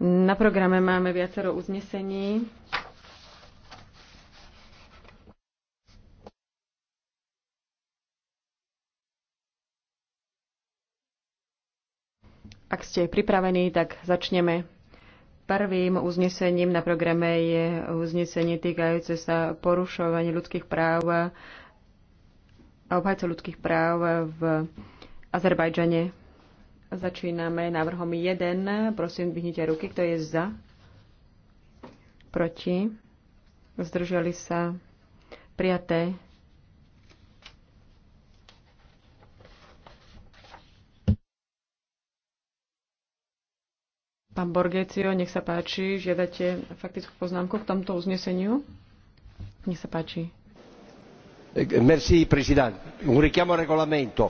Na programe máme viacero uznesení. Ak ste pripravení, tak začneme. Prvým uznesením na programe je uznesenie týkajúce sa porušovania ľudských práv a obhajcov ľudských práv v Azerbajdžane. Začíname návrhom 1. Prosím, vyhnite ruky. Kto je za? Proti? Zdržali sa? Prijaté? Pán Borgecio, nech sa páči, žiadate faktickú poznámku k tomto uzneseniu. Nech sa páči. Merci, prezident. Un richiamo regolamento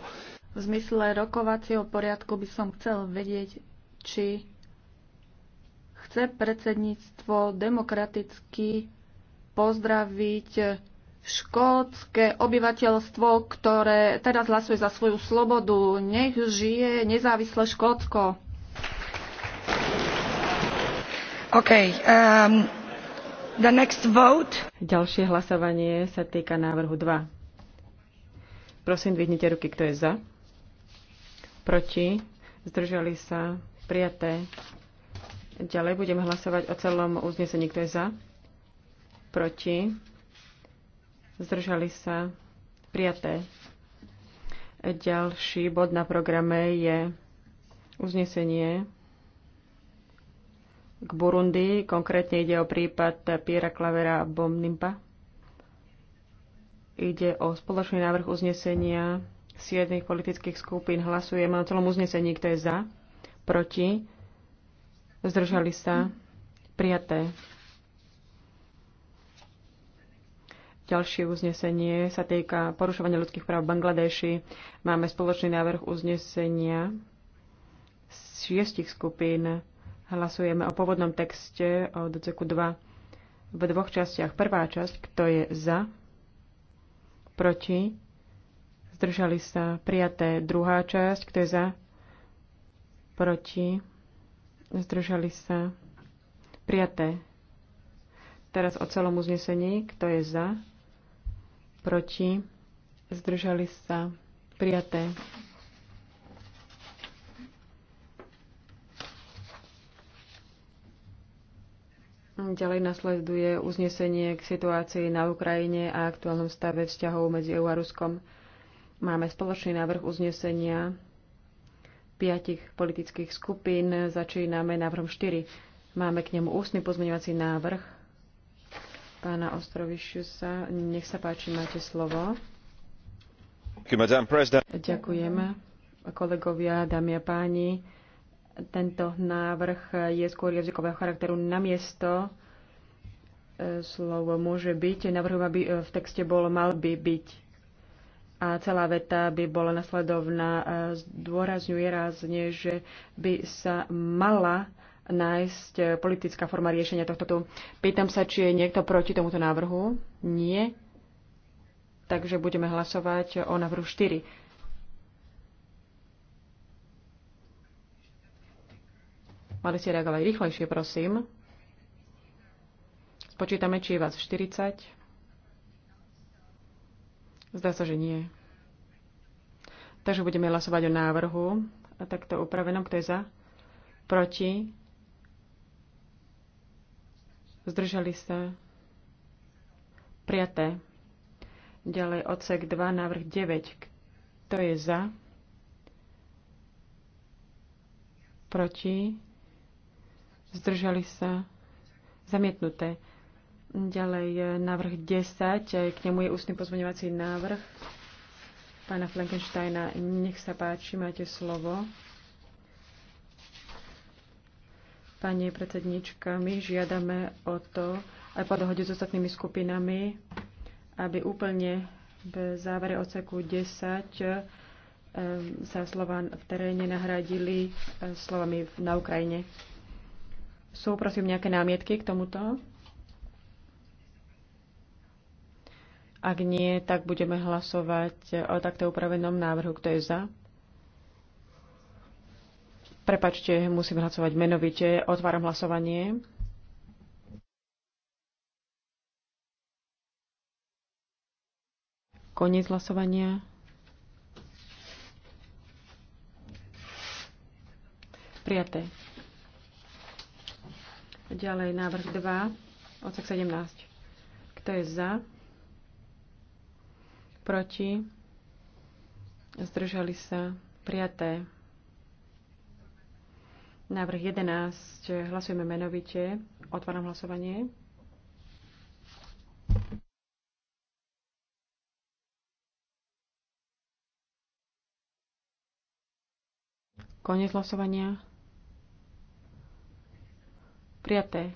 v zmysle rokovacieho poriadku by som chcel vedieť, či chce predsedníctvo demokraticky pozdraviť škótske obyvateľstvo, ktoré teraz hlasuje za svoju slobodu. Nech žije nezávislé Škótsko. OK. Um, the next vote. Ďalšie hlasovanie sa týka návrhu 2. Prosím, dvihnite ruky, kto je za proti, zdržali sa, prijaté. Ďalej budeme hlasovať o celom uznesení, kto je za, proti, zdržali sa, prijaté. Ďalší bod na programe je uznesenie k Burundi. Konkrétne ide o prípad Piera Klavera a Bomnimpa. Ide o spoločný návrh uznesenia siedmých politických skupín hlasujeme o celom uznesení, kto je za, proti, zdržali sa, prijaté. Ďalšie uznesenie sa týka porušovania ľudských práv v Bangladeši. Máme spoločný návrh uznesenia z šiestich skupín. Hlasujeme o pôvodnom texte od odseku 2 v dvoch častiach. Prvá časť, kto je za, proti, Zdržali sa prijaté druhá časť, kto je za? Proti. Zdržali sa prijaté. Teraz o celom uznesení, kto je za? Proti. Zdržali sa prijaté. Ďalej nasleduje uznesenie k situácii na Ukrajine a aktuálnom stave vzťahov medzi EU a Ruskom. Máme spoločný návrh uznesenia piatich politických skupín. Začíname návrhom 4. Máme k nemu ústny pozmeňovací návrh pána Ostrovišusa. Nech sa páči, máte slovo. Ďakujem, kolegovia, dámy a páni. Tento návrh je skôr jazykového charakteru na miesto. slovo môže byť. Navrhujem, aby v texte bolo mal by byť a celá veta by bola nasledovná. Zdôrazňuje rázne, že by sa mala nájsť politická forma riešenia tohto. Tu. Pýtam sa, či je niekto proti tomuto návrhu. Nie. Takže budeme hlasovať o návrhu 4. Mali ste reagovať rýchlejšie, prosím. Spočítame, či je vás 40. Zdá sa, že nie. Takže budeme hlasovať o návrhu a takto upravenom. Kto je za? Proti? Zdržali sa? Prijaté. Ďalej odsek 2, návrh 9. Kto je za? Proti? Zdržali sa? Zamietnuté. Ďalej návrh 10, k nemu je ústny pozmeňovací návrh pána Flankensteina. Nech sa páči, máte slovo. Pani predsednička, my žiadame o to, aj po dohode s ostatnými skupinami, aby úplne v závere oceku 10 eh, sa slova v teréne nahradili eh, slovami na Ukrajine. Sú prosím nejaké námietky k tomuto? Ak nie, tak budeme hlasovať o takto upravenom návrhu. Kto je za? Prepačte, musím hlasovať menovite. Otváram hlasovanie. Koniec hlasovania. Prijaté. Ďalej návrh 2, odsek 17. Kto je za? proti, zdržali sa prijaté. Návrh 11. Hlasujeme menovite. Otváram hlasovanie. Koniec hlasovania. Prijaté.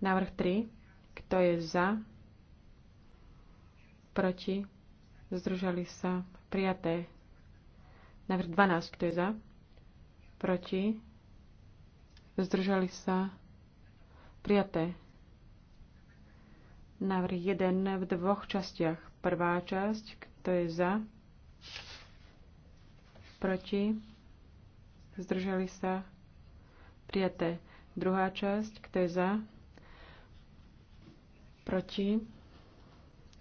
Návrh 3. Kto je za? proti, zdržali sa, prijaté. Návrh 12, kto je za, proti, zdržali sa, prijaté. Návrh 1 v dvoch častiach. Prvá časť, kto je za, proti, zdržali sa, prijaté. Druhá časť, kto je za, proti,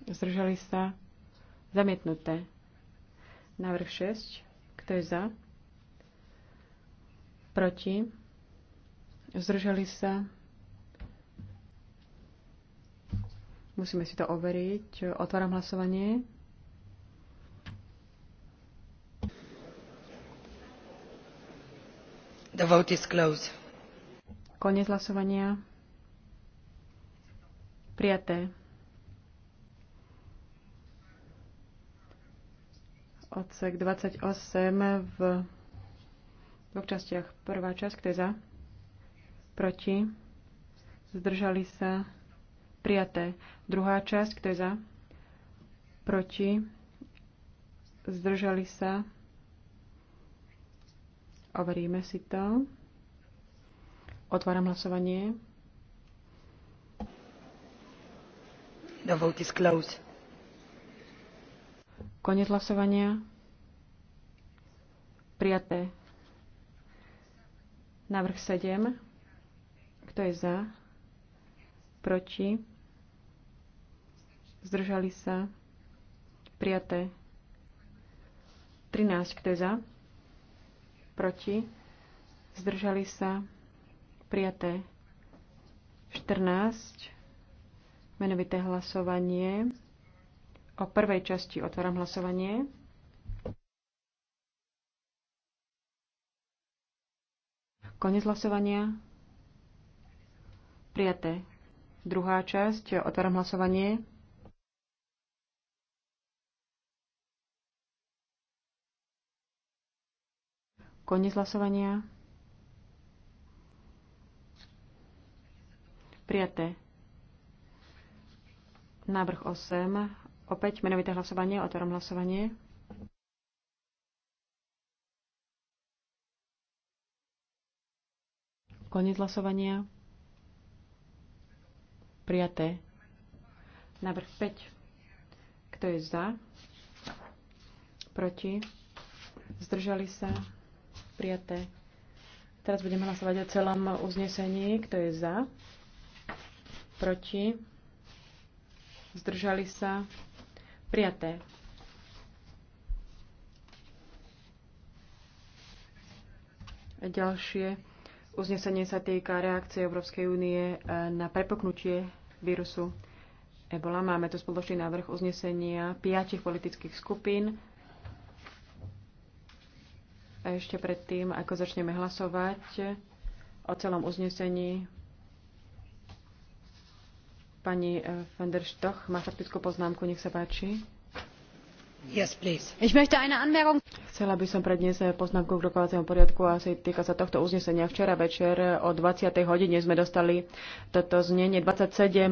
Zdržali sa? Zamietnuté. Návrh 6. Kto je za? Proti? Zdržali sa? Musíme si to overiť. Otváram hlasovanie. The vote is closed. Konec hlasovania. Prijaté. odsek 28 v dvoch častiach. Prvá časť, kto je za? Proti? Zdržali sa? Prijaté. Druhá časť, kto je za? Proti? Zdržali sa? Overíme si to. Otváram hlasovanie. Dovolte vote Konec hlasovania. Prijaté. Návrh 7. Kto je za? Proti? Zdržali sa? Prijaté. 13. Kto je za? Proti? Zdržali sa? Prijaté. 14. Menovité hlasovanie. O prvej časti otváram hlasovanie. Konec hlasovania. Prijaté. Druhá časť. Otváram hlasovanie. Konec hlasovania. Prijaté. Návrh 8. Opäť menovité hlasovanie, otvorom hlasovanie. Koniec hlasovania. Prijaté. Návrh 5. Kto je za? Proti? Zdržali sa? Prijaté. Teraz budeme hlasovať o celom uznesení. Kto je za? Proti? Zdržali sa? Prijaté. Ďalšie uznesenie sa týka reakcie Európskej únie e, na prepoknutie vírusu Ebola. Máme tu spoločný návrh uznesenia piatich politických skupín. A ešte predtým, ako začneme hlasovať o celom uznesení, Pani eh, van der Stoch má faktickú poznámku, nech sa páči. Yes, please. Ich möchte eine Anmerkung. Chcela by som predniesť eh, poznámku k rokovaciemu poriadku a asi týka sa tohto uznesenia. Včera večer eh, o 20. hodine sme dostali toto znenie 27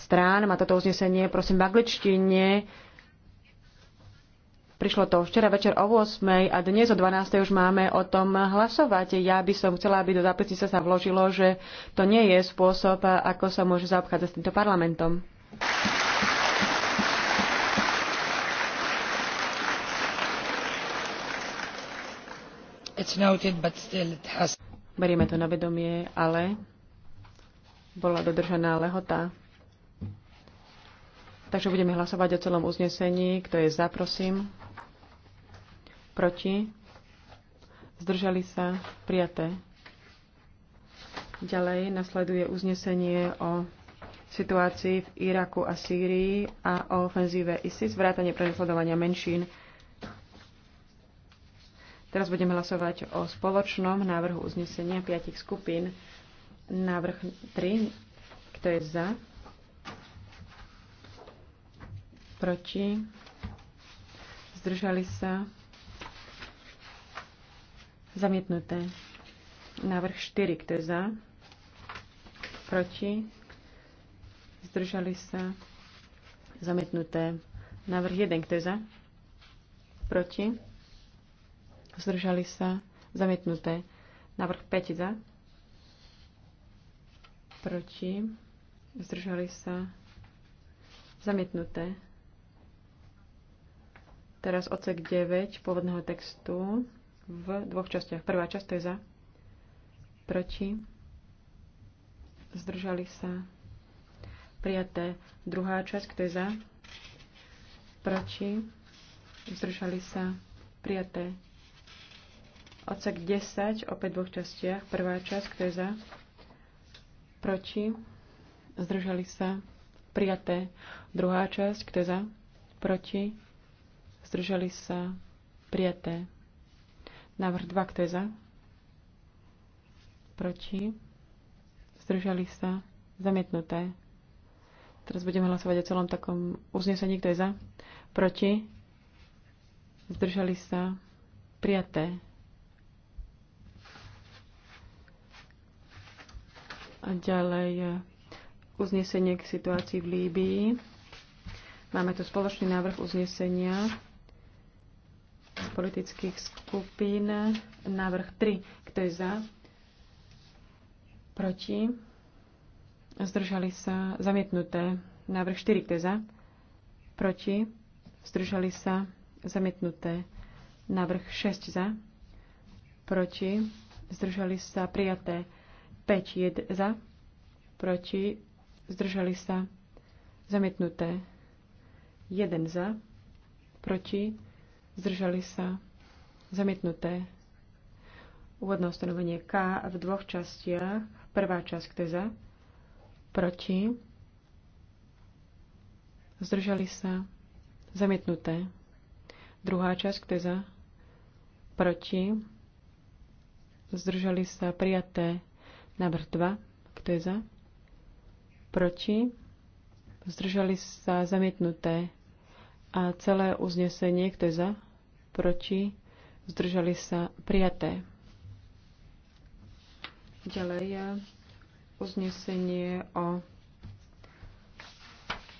strán. Má toto uznesenie, prosím, v angličtine Prišlo to včera večer o 8. a dnes o 12. už máme o tom hlasovať. Ja by som chcela, aby do zápisnice sa vložilo, že to nie je spôsob, ako sa môže zaobchádzať s týmto parlamentom. Noted, has... Berieme to na vedomie, ale bola dodržaná lehota. Takže budeme hlasovať o celom uznesení. Kto je za, prosím proti, zdržali sa, prijaté. Ďalej nasleduje uznesenie o situácii v Iraku a Sýrii a o ofenzíve ISIS, vrátanie prenasledovania menšín. Teraz budeme hlasovať o spoločnom návrhu uznesenia piatich skupín. Návrh 3. Kto je za? Proti? Zdržali sa? Zamietnuté. Návrh 4. Kto je za? Proti? Zdržali sa? Zamietnuté. Návrh 1. Kto je za? Proti? Zdržali sa? Zamietnuté. Návrh 5. Za? Proti? Zdržali sa? Zamietnuté. Teraz ocek 9 pôvodného textu v dvoch častiach. Prvá časť to je za, proti, zdržali sa, prijaté. Druhá časť, kto je za, proti, zdržali sa, prijaté. Odsek 10, opäť v dvoch častiach. Prvá časť, kto je za, proti, zdržali sa, prijaté. Druhá časť, to je za, proti, zdržali sa, prijaté. Návrh 2, kto je za? Proti? Zdržali sa? Zamietnuté. Teraz budeme hlasovať o celom takom uznesení, kto je za? Proti? Zdržali sa? Prijaté. A ďalej eh, uznesenie k situácii v Líbii. Máme tu spoločný návrh uznesenia politických skupín. Návrh 3. Kto je za? Proti? Zdržali sa zamietnuté. Návrh 4. Kto je za? Proti? Zdržali sa zamietnuté. Návrh 6 za. Proti? Zdržali sa prijaté. 5 jed za. Proti? Zdržali sa zamietnuté. 1 za. Proti? zdržali sa, zamietnuté. Úvodné ustanovenie K v dvoch častiach. Prvá časť, kto je za, proti, zdržali sa, zamietnuté. Druhá časť, kto je za, proti, zdržali sa, prijaté. Návrh 2, kto je za, proti, zdržali sa, zamietnuté. A celé uznesenie, kto je za, proti, zdržali sa prijaté. Ďalej uznesenie o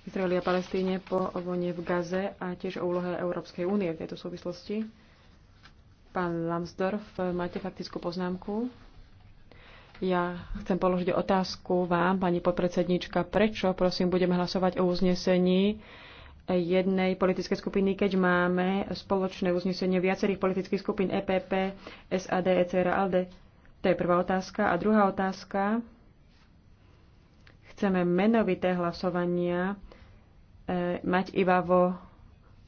Izraeli a Palestíne po vojne v Gaze a tiež o úlohe Európskej únie v tejto súvislosti. Pán Lambsdorff, máte faktickú poznámku? Ja chcem položiť otázku vám, pani podpredsednička, prečo, prosím, budeme hlasovať o uznesení, jednej politickej skupiny, keď máme spoločné uznesenie viacerých politických skupín EPP, SAD, ECR a ALDE? To je prvá otázka. A druhá otázka. Chceme menovité hlasovania e, mať iba vo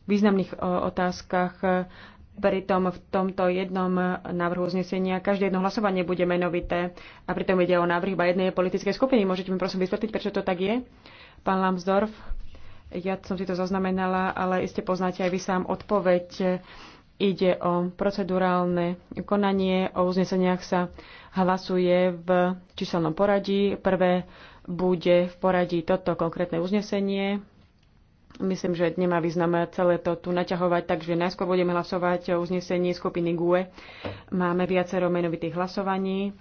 významných o, otázkach. Pritom v tomto jednom e, návrhu uznesenia každé jedno hlasovanie bude menovité a pritom ide o návrh iba jednej politickej skupiny. Môžete mi prosím vysvetliť, prečo to tak je? Pán Lambsdorff. Ja som si to zaznamenala, ale iste poznáte aj vy sám odpoveď. Ide o procedurálne konanie, o uzneseniach sa hlasuje v číselnom poradí. Prvé bude v poradí toto konkrétne uznesenie. Myslím, že nemá význam celé to tu naťahovať, takže najskôr budeme hlasovať o uznesení skupiny GUE. Máme viacero menovitých hlasovaní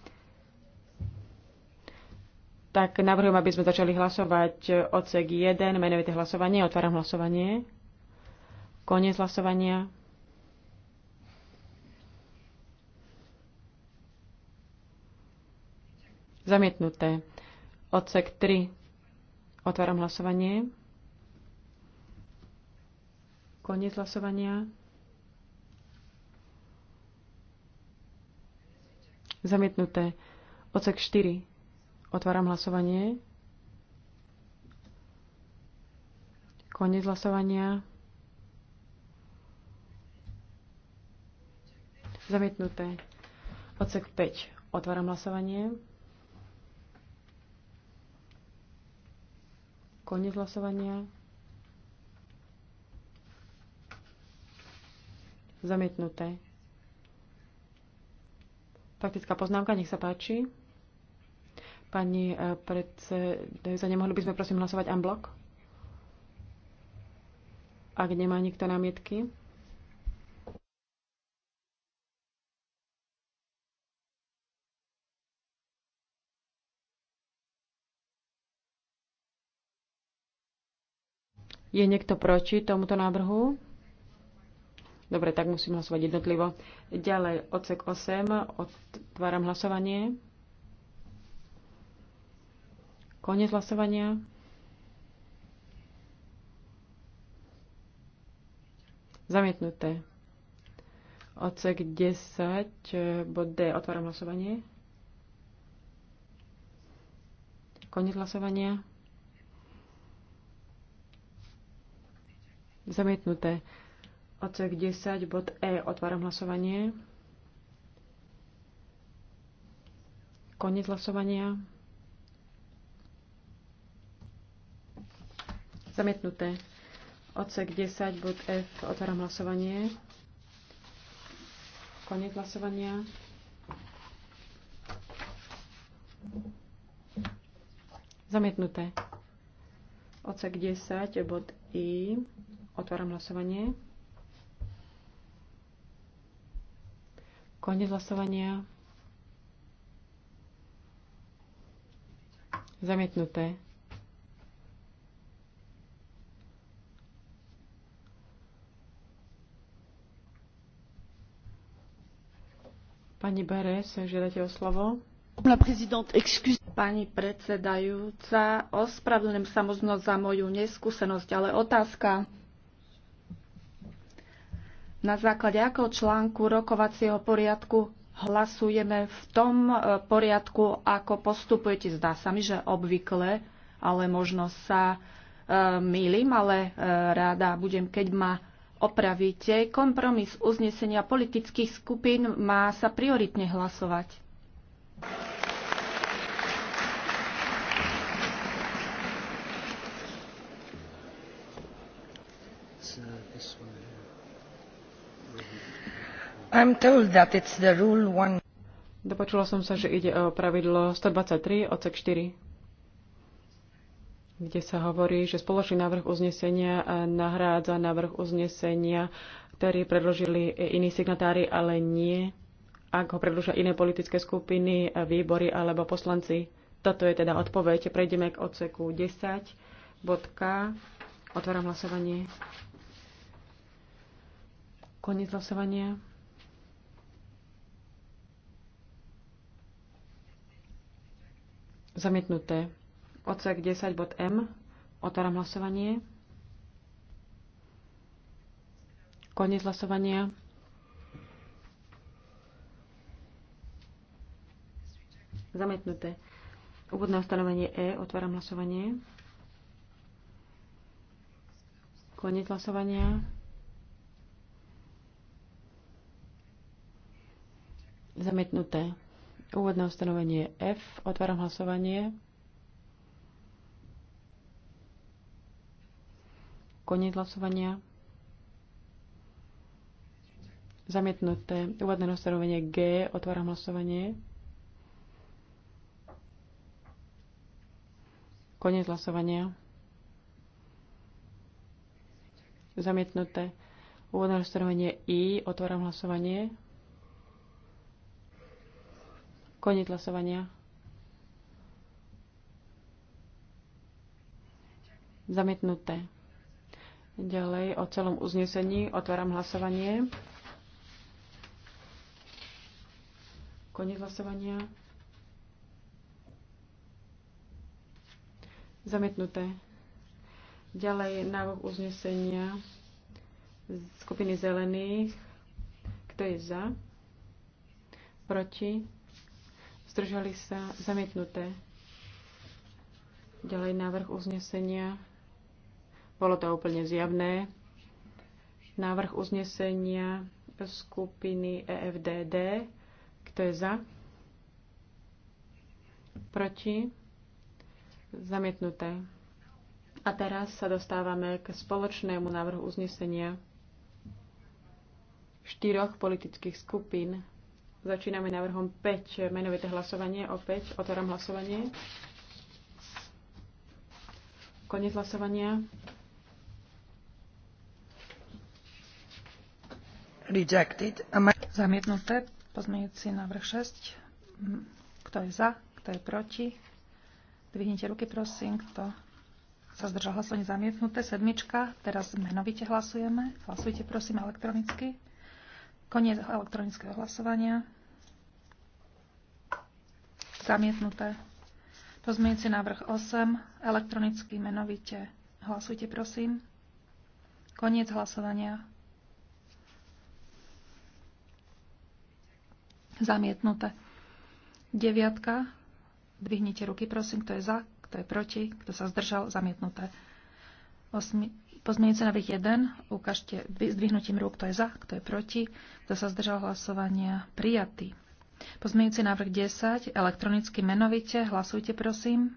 tak navrhujem, aby sme začali hlasovať odsek 1, menovité hlasovanie. Otváram hlasovanie. Koniec hlasovania. Zamietnuté. Odsek 3. Otváram hlasovanie. Koniec hlasovania. Zamietnuté. Odsek 4. Otváram hlasovanie. Koniec hlasovania. Zamietnuté. Odsek 5. Otváram hlasovanie. Koniec hlasovania. Zamietnuté. Faktická poznámka, nech sa páči. Pani e, predsedajúca, nemohli by sme prosím hlasovať en blok? Ak nemá nikto námietky. Je niekto proti tomuto návrhu? Dobre, tak musím hlasovať jednotlivo. Ďalej, odsek 8, otváram hlasovanie. Konec hlasovania. Zamietnuté. Odsek 10, e, bod D. Otváram hlasovanie. Konec hlasovania. Zamietnuté. Odsek 10, bod E. Otváram hlasovanie. Konec hlasovania. Zamietnuté. Odsek 10, bod F. Otváram hlasovanie. Koniec hlasovania. Zamietnuté. Odsek 10, bod I. Otváram hlasovanie. Koniec hlasovania. Zamietnuté. Pani Beres, žiadate o slovo. Pani predsedajúca, ospravedlňujem sa možno za moju neskúsenosť, ale otázka. Na základe akého článku rokovacieho poriadku hlasujeme v tom e, poriadku, ako postupujete? Zdá sa mi, že obvykle, ale možno sa e, mýlim, ale e, ráda budem, keď ma opravíte. Kompromis uznesenia politických skupín má sa prioritne hlasovať. I'm told that it's the rule one. Dopočula som sa, že ide o pravidlo 123 odsek 4 kde sa hovorí, že spoločný návrh uznesenia e, nahrádza návrh uznesenia, ktorý predložili iní signatári, ale nie, ak ho predložia iné politické skupiny, e, výbory alebo poslanci. Toto je teda odpoveď. Prejdeme k odseku 10. Bodka. Otváram hlasovanie. Koniec hlasovania. Zamietnuté. Odsek 10 bod M. Otváram hlasovanie. Koniec hlasovania. Zametnuté. Úvodné ustanovenie E. Otváram hlasovanie. Koniec hlasovania. Zametnuté. Úvodné ustanovenie F. Otváram hlasovanie. Koniec hlasovania. Zamietnuté. Úvodné ustanovenie G. Otváram hlasovanie. Koniec hlasovania. Zamietnuté. Úvodné ustanovenie I. Otváram hlasovanie. Koniec hlasovania. Zamietnuté. Ďalej o celom uznesení otváram hlasovanie. Koniec hlasovania. Zamietnuté. Ďalej návrh uznesenia skupiny zelených. Kto je za? Proti? Zdržali sa? Zamietnuté. Ďalej návrh uznesenia bolo to úplne zjavné. Návrh uznesenia skupiny EFDD. Kto je za? Proti? Zamietnuté. A teraz sa dostávame k spoločnému návrhu uznesenia štyroch politických skupín. Začíname návrhom 5, menovité hlasovanie. Opäť otváram hlasovanie. Konec hlasovania. Rejected. Zamietnuté. Pozmeňujúci návrh 6. Mhm. Kto je za? Kto je proti? Dvihnite ruky, prosím. Kto sa zdržal hlasovanie zamietnuté? Sedmička. Teraz menovite hlasujeme. Hlasujte, prosím, elektronicky. Koniec elektronického hlasovania. Zamietnuté. Pozmeňujúci návrh 8. Elektronicky menovite. Hlasujte, prosím. Koniec hlasovania. Zamietnuté. Deviatka. Dvihnite ruky, prosím, kto je za, kto je proti, kto sa zdržal. Zamietnuté. Osmi... Pozmienujúci návrh 1. Ukážte zdvihnutím rúk, kto je za, kto je proti, kto sa zdržal hlasovania. Prijatý. Pozmienujúci návrh 10. Elektronicky menovite. Hlasujte, prosím.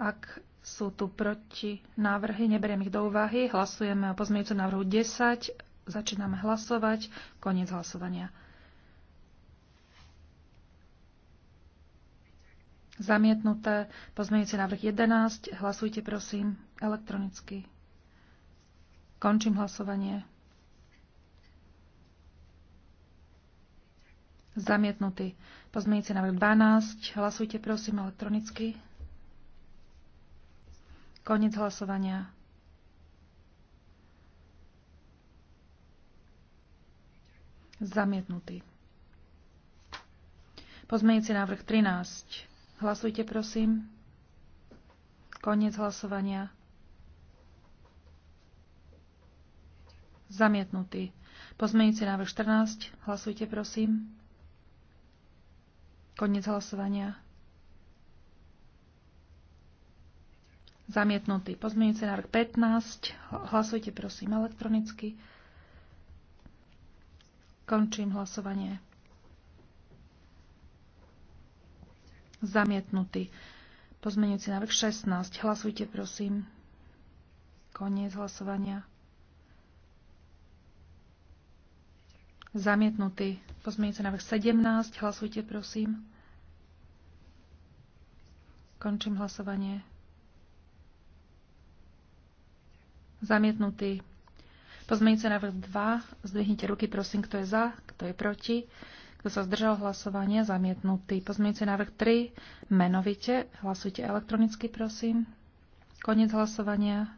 Ak sú tu proti návrhy, neberiem ich do úvahy. Hlasujeme o pozmeňujúcom návrhu 10. Začíname hlasovať. Koniec hlasovania. Zamietnuté. Pozmeňujúci návrh 11. Hlasujte prosím elektronicky. Končím hlasovanie. Zamietnutý. Pozmeňujúci návrh 12. Hlasujte prosím elektronicky. Konec hlasovania. Zamietnutý. Pozmeňujúci návrh 13. Hlasujte, prosím. Koniec hlasovania. Zamietnutý. Pozmeňujúci návrh 14. Hlasujte, prosím. Koniec hlasovania. Zamietnutý pozmeňujúci návrh 15. Hlasujte prosím elektronicky. Končím hlasovanie. Zamietnutý. Pozmeňujúci návrh 16. Hlasujte prosím. Koniec hlasovania. Zamietnutý. Pozmeňujúci návrh 17. Hlasujte prosím. Končím hlasovanie. Zamietnutý. Pozmeňujúci návrh 2. Zdvihnite ruky, prosím, kto je za, kto je proti. Kto sa zdržal hlasovania, zamietnutý. Pozmeňujúci návrh 3. Menovite. Hlasujte elektronicky, prosím. Koniec hlasovania.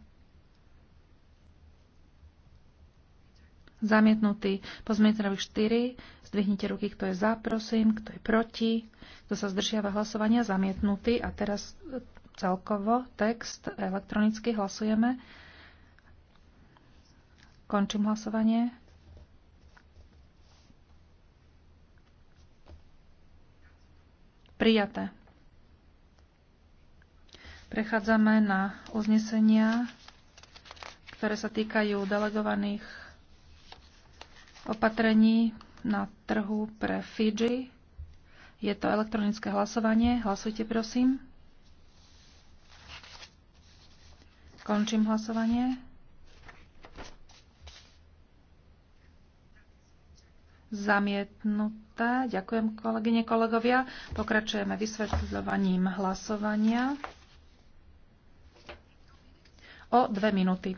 Zamietnutý. Pozmeňujúci návrh 4. Zdvihnite ruky, kto je za, prosím, kto je proti. Kto sa zdržiava hlasovania, zamietnutý. A teraz e, celkovo text elektronicky hlasujeme. Končím hlasovanie. Prijaté. Prechádzame na uznesenia, ktoré sa týkajú delegovaných opatrení na trhu pre Fiji. Je to elektronické hlasovanie. Hlasujte, prosím. Končím hlasovanie. Zamietnuté. Ďakujem, kolegyne, kolegovia. Pokračujeme vysvetľovaním hlasovania o dve minúty.